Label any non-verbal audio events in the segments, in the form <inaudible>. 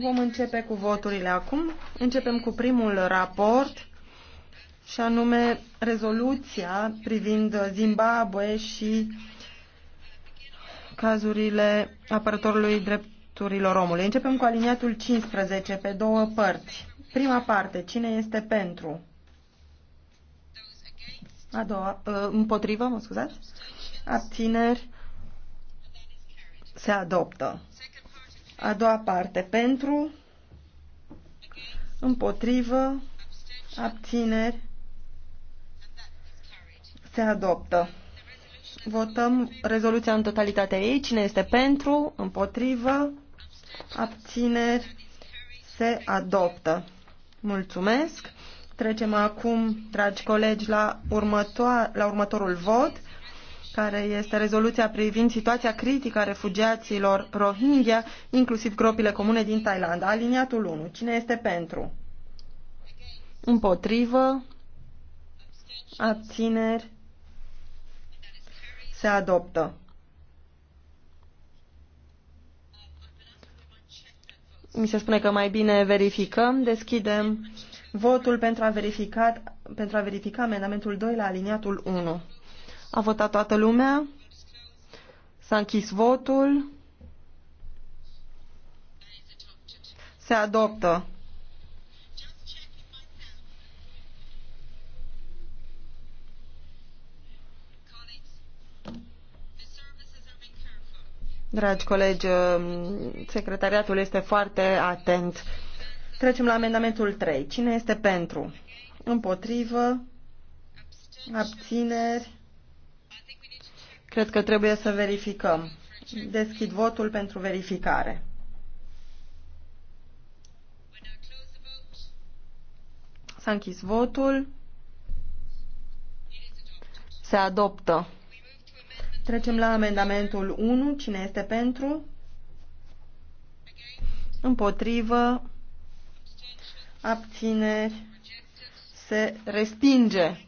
Vom începe cu voturile acum. Începem cu primul raport și anume rezoluția privind Zimbabwe și cazurile apărătorului drepturilor omului. Începem cu aliniatul 15 pe două părți. Prima parte, cine este pentru? A doua, ă, împotrivă, mă scuzați? Abțineri se adoptă. A doua parte. Pentru, împotrivă, abțineri, se adoptă. Votăm rezoluția în totalitate ei. Cine este pentru, împotrivă, abțineri, se adoptă. Mulțumesc. Trecem acum, dragi colegi, la, următoa, la următorul vot care este rezoluția privind situația critică a refugiaților Rohingya, inclusiv gropile comune din Thailanda. Aliniatul 1. Cine este pentru? Împotrivă? Abțineri? Se adoptă. Mi se spune că mai bine verificăm. Deschidem votul pentru a, verifica, pentru a verifica amendamentul 2 la aliniatul 1. A votat toată lumea. S-a închis votul. Se adoptă. Dragi colegi, um, secretariatul este foarte atent. Trecem la amendamentul 3. Cine este pentru? Împotrivă? Abțineri? Cred că trebuie să verificăm. Deschid votul pentru verificare. S-a închis votul. Se adoptă. Trecem la amendamentul 1. Cine este pentru? Împotrivă. Abțineri. Se respinge.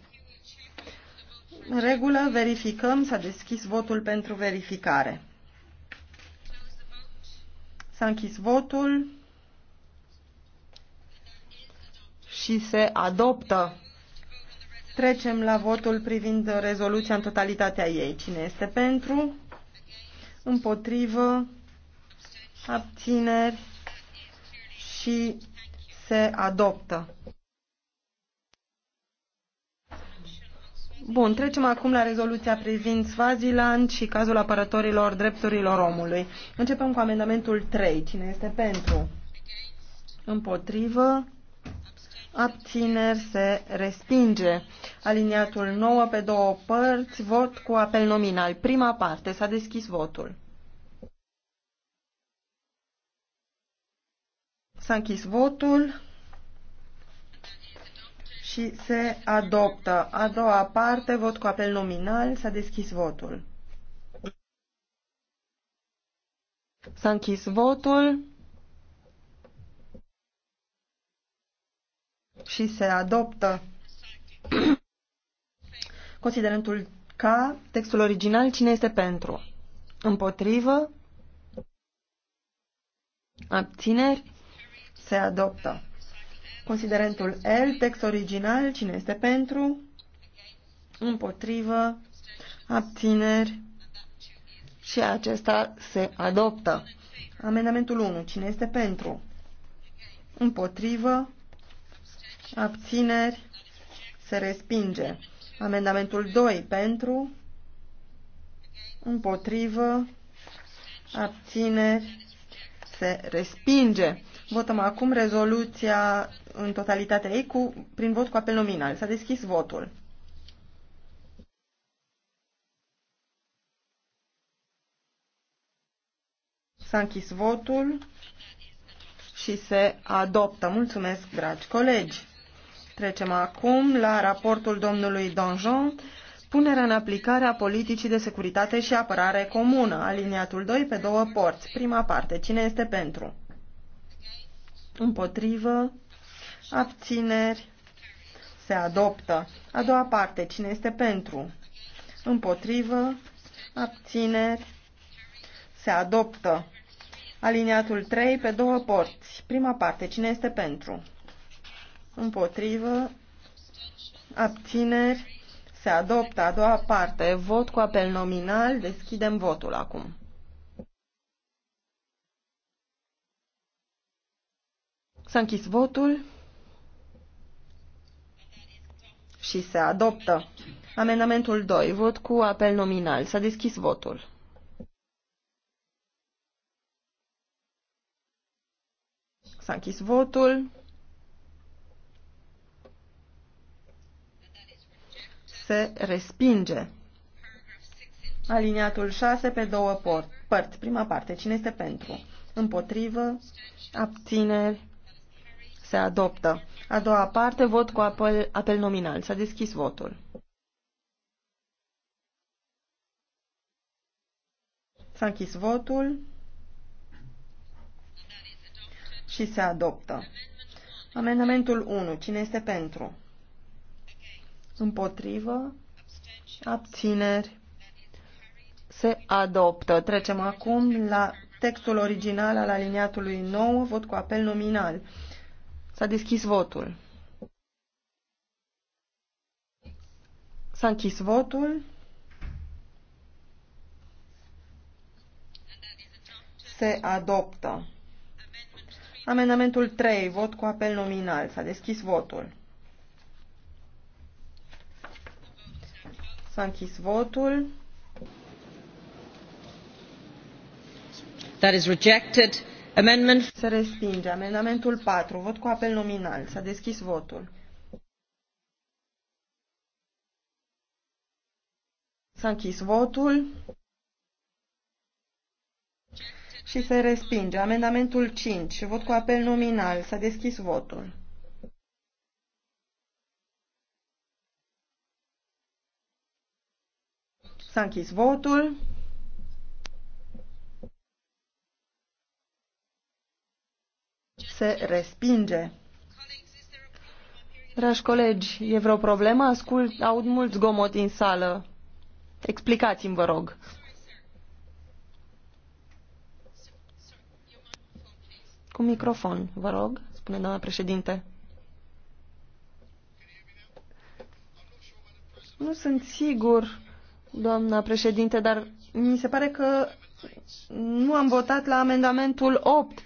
În regulă, verificăm, s-a deschis votul pentru verificare. S-a închis votul și se adoptă. Trecem la votul privind rezoluția în totalitatea ei. Cine este pentru? Împotrivă? Abțineri? Și se adoptă. Bun, trecem acum la rezoluția privind Swaziland și cazul apărătorilor drepturilor omului. Începem cu amendamentul 3. Cine este pentru? Împotrivă? Abțineri se respinge. Aliniatul 9 pe două părți, vot cu apel nominal. Prima parte, s-a deschis votul. S-a închis votul și se adoptă. A doua parte, vot cu apel nominal, s-a deschis votul. S-a închis votul și se adoptă <clears throat> considerentul K, textul original, cine este pentru? Împotrivă? Abțineri? Se adoptă. Considerentul L, text original, cine este pentru, împotrivă, abțineri și acesta se adoptă. Amendamentul 1, cine este pentru, împotrivă, abțineri, se respinge. Amendamentul 2, pentru, împotrivă, abțineri, se respinge. Votăm acum rezoluția în totalitatea ei cu, prin vot cu apel nominal. S-a deschis votul. S-a închis votul și se adoptă. Mulțumesc, dragi colegi! Trecem acum la raportul domnului Donjon, punerea în aplicare a politicii de securitate și apărare comună, aliniatul 2 pe două porți. Prima parte, cine este pentru? împotrivă, abțineri, se adoptă. A doua parte, cine este pentru, împotrivă, abțineri, se adoptă. Aliniatul 3 pe două porți. Prima parte, cine este pentru? Împotrivă, abțineri, se adoptă. A doua parte, vot cu apel nominal, deschidem votul acum. S-a închis votul și se adoptă. Amendamentul 2. Vot cu apel nominal. S-a deschis votul. S-a închis votul. Se respinge. Aliniatul 6 pe două părți. Prima parte. Cine este pentru? Împotrivă. Abțineri. Se adoptă. A doua parte, vot cu apel, apel nominal. S-a deschis votul. S-a închis votul și se adoptă. Amendamentul 1. Cine este pentru? Împotrivă? Abțineri? Se adoptă. Trecem acum la textul original al aliniatului 9, vot cu apel nominal. S-a deschis votul. S-a închis votul. Se adoptă. Amendamentul 3, vot cu apel nominal. S-a deschis votul. S-a închis votul. That is rejected. Amendment... Se respinge. Amendamentul 4. Vot cu apel nominal. S-a deschis votul. S-a închis votul și se respinge. Amendamentul 5. Vot cu apel nominal. S-a deschis votul. S-a închis votul. se respinge. Dragi colegi, e vreo problemă? Ascult, aud mult zgomot în sală. Explicați-mi, vă rog. Cu microfon, vă rog, spune doamna președinte. Nu sunt sigur, doamna președinte, dar mi se pare că nu am votat la amendamentul 8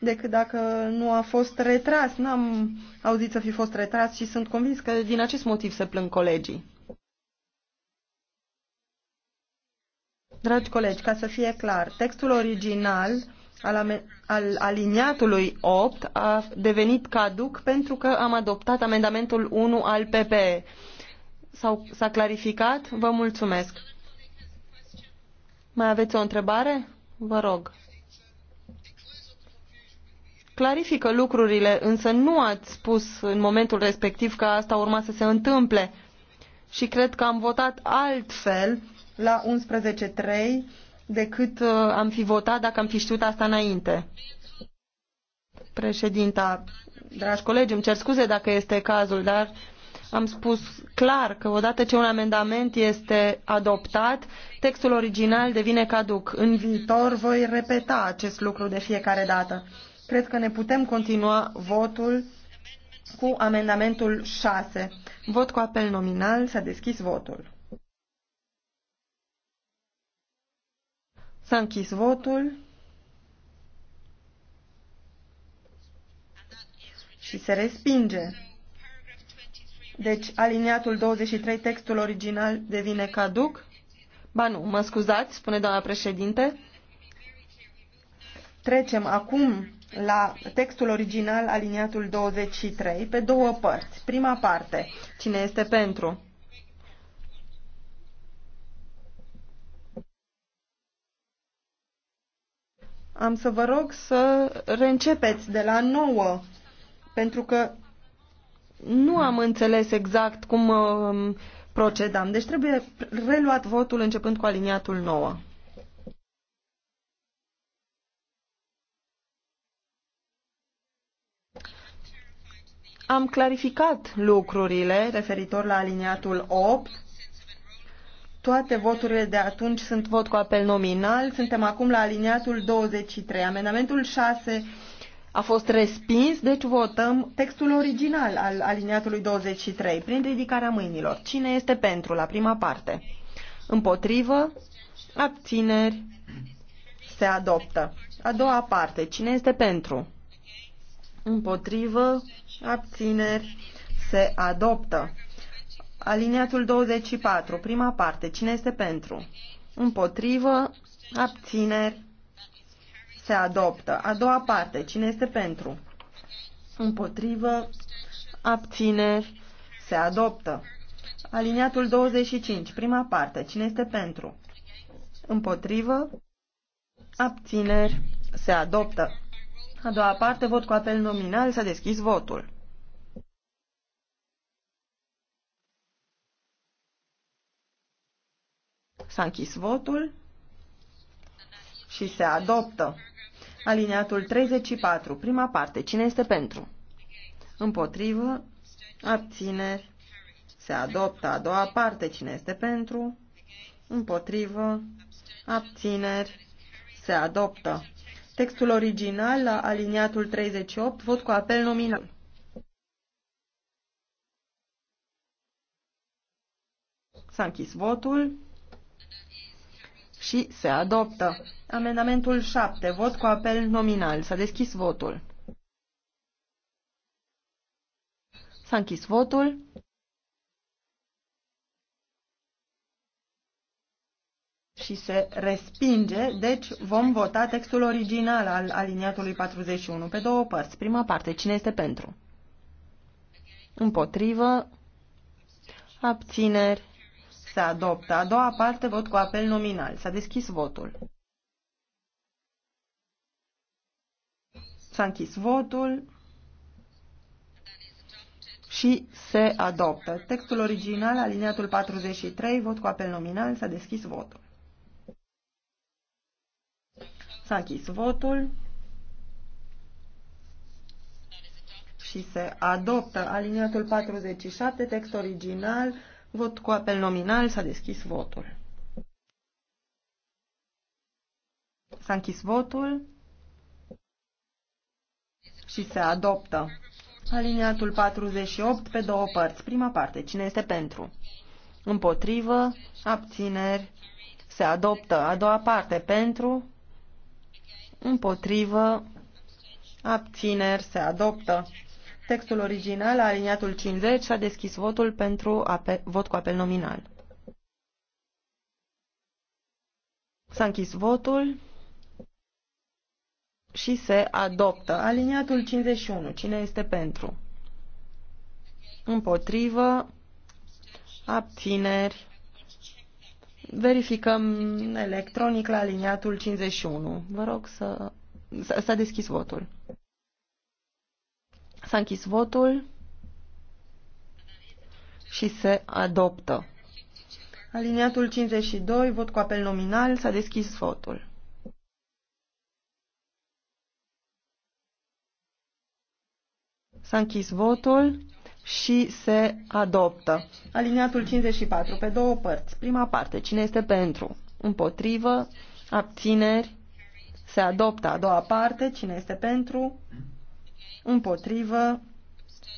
decât dacă nu a fost retras. N-am auzit să fi fost retras și sunt convins că din acest motiv se plâng colegii. Dragi colegi, ca să fie clar, textul original al, al aliniatului 8 a devenit caduc pentru că am adoptat amendamentul 1 al PPE. S-a clarificat? Vă mulțumesc. Mai aveți o întrebare? Vă rog clarifică lucrurile, însă nu ați spus în momentul respectiv că asta urma să se întâmple. Și cred că am votat altfel la 11.3 decât uh, am fi votat dacă am fi știut asta înainte. Președinta, dragi colegi, îmi cer scuze dacă este cazul, dar am spus clar că odată ce un amendament este adoptat, textul original devine caduc. În viitor voi repeta acest lucru de fiecare dată. Cred că ne putem continua votul cu amendamentul 6. Vot cu apel nominal. S-a deschis votul. S-a închis votul și se respinge. Deci, aliniatul 23, textul original devine caduc? Ba nu, mă scuzați, spune doamna președinte. Trecem acum la textul original aliniatul 23 pe două părți. Prima parte, cine este pentru? Am să vă rog să reîncepeți de la nouă, pentru că nu am înțeles exact cum um, procedam. Deci trebuie reluat votul începând cu aliniatul 9. am clarificat lucrurile referitor la aliniatul 8. Toate voturile de atunci sunt vot cu apel nominal. Suntem acum la aliniatul 23. Amendamentul 6 a fost respins, deci votăm textul original al aliniatului 23 prin ridicarea mâinilor. Cine este pentru la prima parte? Împotrivă? Abțineri? Se adoptă. A doua parte. Cine este pentru? împotrivă, abțineri, se adoptă. Aliniatul 24, prima parte, cine este pentru? Împotrivă, abțineri, se adoptă. A doua parte, cine este pentru? Împotrivă, abțineri, se adoptă. Aliniatul 25, prima parte, cine este pentru? Împotrivă, abțineri, se adoptă. A doua parte, vot cu apel nominal, s-a deschis votul. S-a închis votul și se adoptă. Alineatul 34, prima parte. Cine este pentru? Împotrivă, abțineri, se adoptă. A doua parte. Cine este pentru? Împotrivă, abțineri, se adoptă. Textul original, la aliniatul 38, vot cu apel nominal. S-a închis votul și se adoptă. Amendamentul 7. Vot cu apel nominal. S-a deschis votul. S-a închis votul. și se respinge, deci vom vota textul original al aliniatului 41 pe două părți. Prima parte, cine este pentru? Împotrivă, abțineri, se adoptă. A doua parte, vot cu apel nominal. S-a deschis votul. S-a închis votul și se adoptă. Textul original, aliniatul 43, vot cu apel nominal, s-a deschis votul. S-a închis votul și se adoptă aliniatul 47, text original, vot cu apel nominal, s-a deschis votul. S-a închis votul și se adoptă. Aliniatul 48 pe două părți. Prima parte. Cine este pentru? Împotrivă. Abțineri. Se adoptă. A doua parte. Pentru împotrivă, abțineri, se adoptă. Textul original, aliniatul 50, s-a deschis votul pentru apel, vot cu apel nominal. S-a închis votul și se adoptă. Aliniatul 51. Cine este pentru? Împotrivă. Abțineri. Verificăm electronic la aliniatul 51. Vă rog să... S-a deschis votul. S-a închis votul și se adoptă. Aliniatul 52, vot cu apel nominal, s-a deschis votul. S-a închis votul și se adoptă. Aliniatul 54, pe două părți. Prima parte, cine este pentru? Împotrivă, abțineri, se adoptă. A doua parte, cine este pentru? Împotrivă,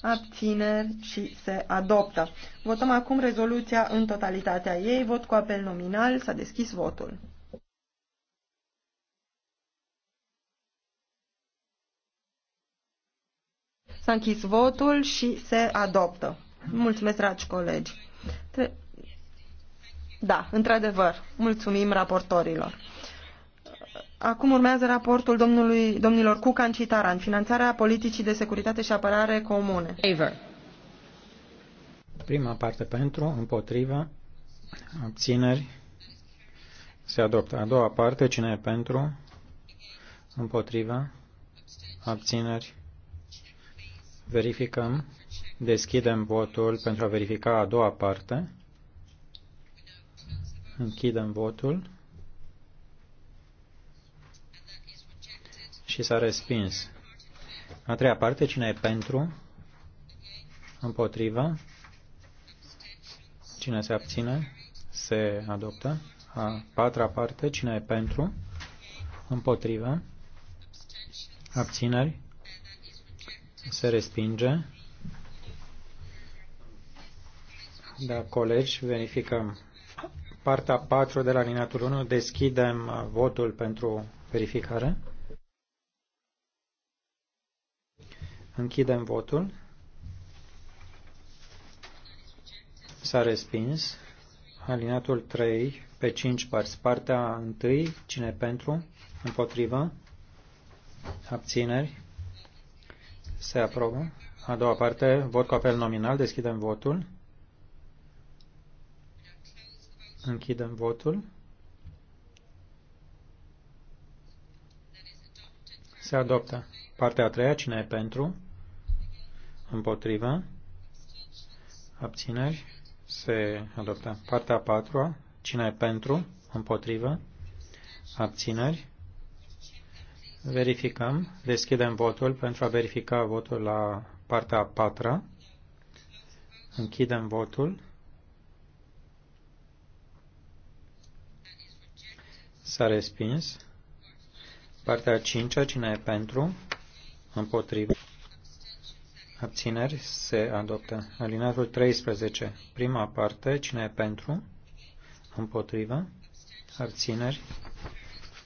abțineri și se adoptă. Votăm acum rezoluția în totalitatea ei. Vot cu apel nominal. S-a deschis votul. S-a închis votul și se adoptă. Mulțumesc, dragi colegi. Tre da, într-adevăr, mulțumim raportorilor. Acum urmează raportul domnului, domnilor Cucan și Taran, finanțarea politicii de securitate și apărare comune. Favor. Prima parte pentru, împotriva, abțineri, se adoptă. A doua parte, cine e pentru, împotriva, abțineri, Verificăm. Deschidem votul pentru a verifica a doua parte. Închidem votul. Și s-a respins. A treia parte, cine e pentru? Împotriva? Cine se abține? Se adoptă. A patra parte, cine e pentru? Împotriva? Abțineri? se respinge. Da, colegi, verificăm. Partea 4 de la linatul 1, deschidem uh, votul pentru verificare. Închidem votul. S-a respins. Alinatul 3 pe 5 părți. Partea 1, cine pentru, împotrivă, abțineri, se aprobă. A doua parte, vot cu apel nominal. Deschidem votul. Închidem votul. Se adoptă. Partea a treia, cine e pentru? Împotrivă. Abțineri. Se adoptă. Partea a patra, cine e pentru? Împotrivă. Abțineri. Verificăm. Deschidem votul pentru a verifica votul la partea a patra. Închidem votul. S-a respins. Partea a cincea, cine e pentru? Împotrivă. Abțineri se adoptă. Alinatul 13. Prima parte, cine e pentru? Împotrivă. Abțineri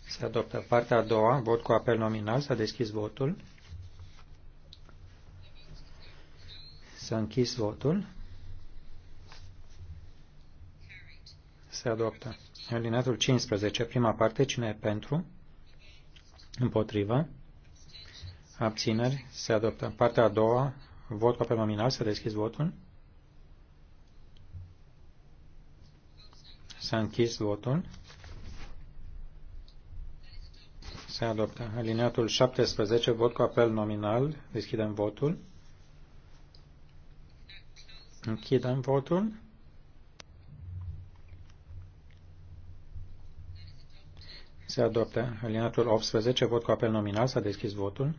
se adoptă. Partea a doua, vot cu apel nominal, s-a deschis votul. S-a închis votul. Se adoptă. Alineatul 15, prima parte, cine e pentru? Împotrivă. Abțineri. Se adoptă. Partea a doua, vot cu apel nominal, s-a deschis votul. S-a închis votul. Se adoptă. Alineatul 17, vot cu apel nominal. Deschidem votul. Închidem votul. Se adoptă. Alineatul 18, vot cu apel nominal. S-a deschis votul.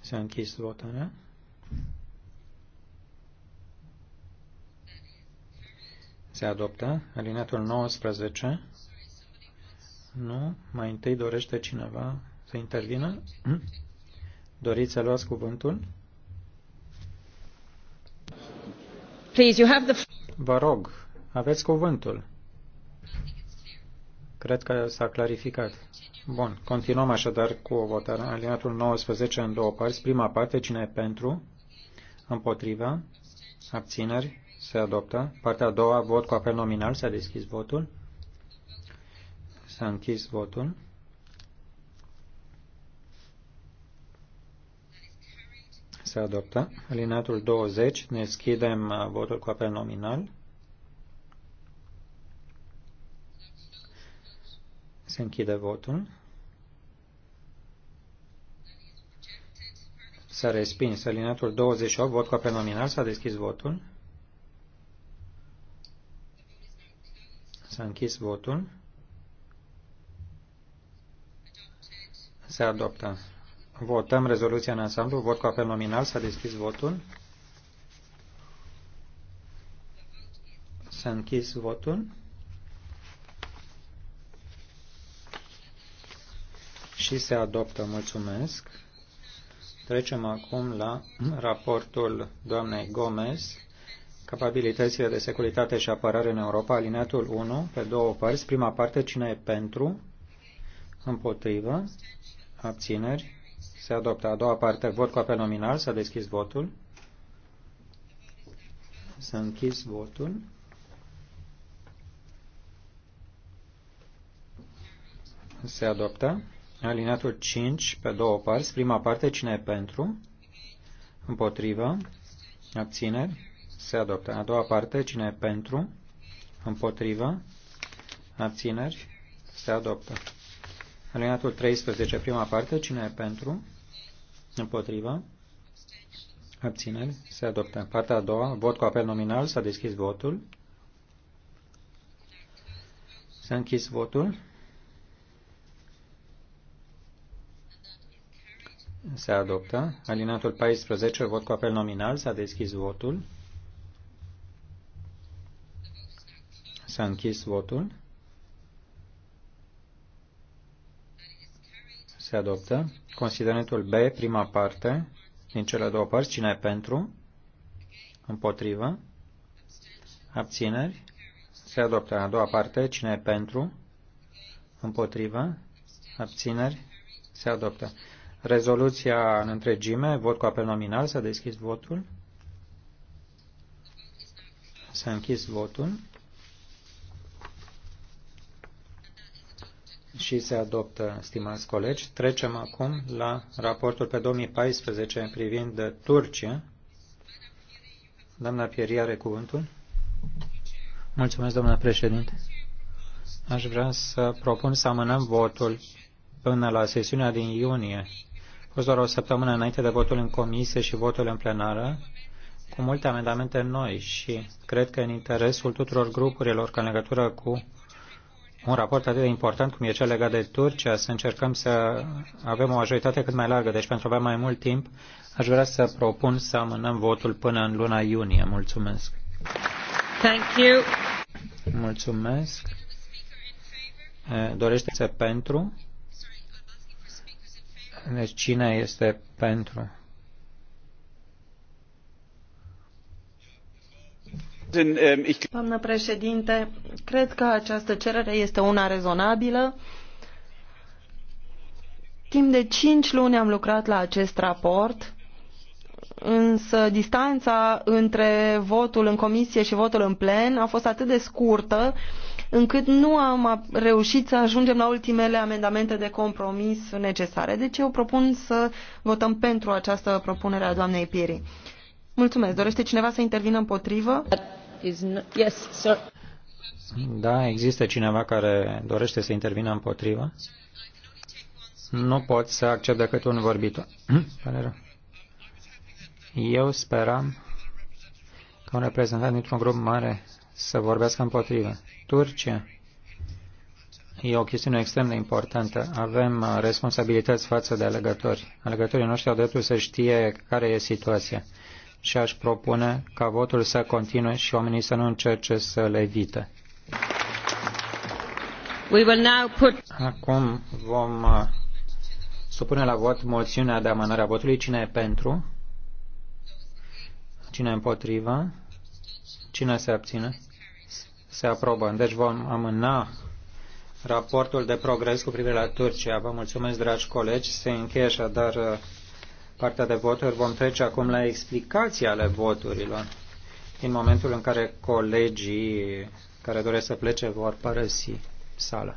S-a închis votul Se adoptă. Alineatul 19. Nu. Mai întâi dorește cineva să intervină? <clears throat> Doriți să luați cuvântul? Please, you have the... Vă rog, aveți cuvântul. Cred că s-a clarificat. Bun, continuăm așadar cu o votare. Alineatul 19 în două părți. Prima parte, cine e pentru? Împotriva? Abțineri? Se adoptă. Partea a doua, vot cu apel nominal. S-a deschis votul. S-a închis votul. Se adoptă. Alinatul 20. ne Deschidem uh, votul cu apel nominal. Se închide votul. S-a respins. Alineatul 28, vot cu apel nominal, s-a deschis votul. S-a închis votul. Se adoptă. Votăm rezoluția în ansamblu. Vot cu apel nominal. S-a deschis votul. S-a închis votul. Și se adoptă. Mulțumesc. Trecem acum la raportul doamnei Gomez capabilitățile de securitate și apărare în Europa, alineatul 1, pe două părți. Prima parte, cine e pentru, împotrivă, abțineri, se adoptă. A doua parte, vot cu apel nominal, s-a deschis votul. S-a închis votul. Se adoptă. Alineatul 5 pe două părți. Prima parte, cine e pentru? Împotrivă. Abțineri se adoptă. A doua parte, cine e pentru, împotrivă, abțineri, se adoptă. Alineatul 13, prima parte, cine e pentru, împotrivă, abțineri, se adoptă. Partea a doua, vot cu apel nominal, s-a deschis votul. S-a închis votul. Se adoptă. Alinatul 14, vot cu apel nominal, s-a deschis votul. S-a închis votul. Se adoptă. Considerentul B, prima parte, din cele două părți, cine e pentru? Împotrivă. Abțineri. Se adoptă. A doua parte, cine e pentru? Împotrivă. Abțineri. Se adoptă. Rezoluția în întregime, vot cu apel nominal, s-a deschis votul. S-a închis votul. și se adoptă, stimați colegi. Trecem acum la raportul pe 2014 privind de Turcia. Doamna Pieri are cuvântul. Mulțumesc, doamna președinte. Aș vrea să propun să amânăm votul până la sesiunea din iunie. A fost doar o săptămână înainte de votul în comisie și votul în plenară, cu multe amendamente noi și cred că în interesul tuturor grupurilor, ca în legătură cu un raport atât de important cum e cel legat de Turcia, să încercăm să avem o majoritate cât mai largă. Deci pentru a avea mai mult timp, aș vrea să propun să amânăm votul până în luna iunie. Mulțumesc. Thank you. Mulțumesc. Dorește să pentru? Deci cine este pentru? Ehm, Doamnă președinte, cred că această cerere este una rezonabilă. Timp de cinci luni am lucrat la acest raport, însă distanța între votul în comisie și votul în plen a fost atât de scurtă încât nu am reușit să ajungem la ultimele amendamente de compromis necesare. Deci eu propun să votăm pentru această propunere a doamnei Pieri. Mulțumesc. Dorește cineva să intervină împotrivă? Da, există cineva care dorește să intervină împotriva? Nu pot să accept decât un vorbitor. <clears throat> Eu speram ca un reprezentant dintr-un grup mare să vorbească împotriva. Turcia e o chestiune extrem de importantă. Avem uh, responsabilități față de alegători. Alegătorii noștri au dreptul să știe care e situația și aș propune ca votul să continue și oamenii să nu încerce să le evite. We will now put... Acum vom uh, supune la vot moțiunea de amânare a votului. Cine e pentru? Cine e împotrivă? Cine se abține? Se aprobă. Deci vom amâna raportul de progres cu privire la Turcia. Vă mulțumesc, dragi colegi. Se încheie așadar uh, partea de voturi, vom trece acum la explicația ale voturilor. În momentul în care colegii care doresc să plece vor părăsi sala.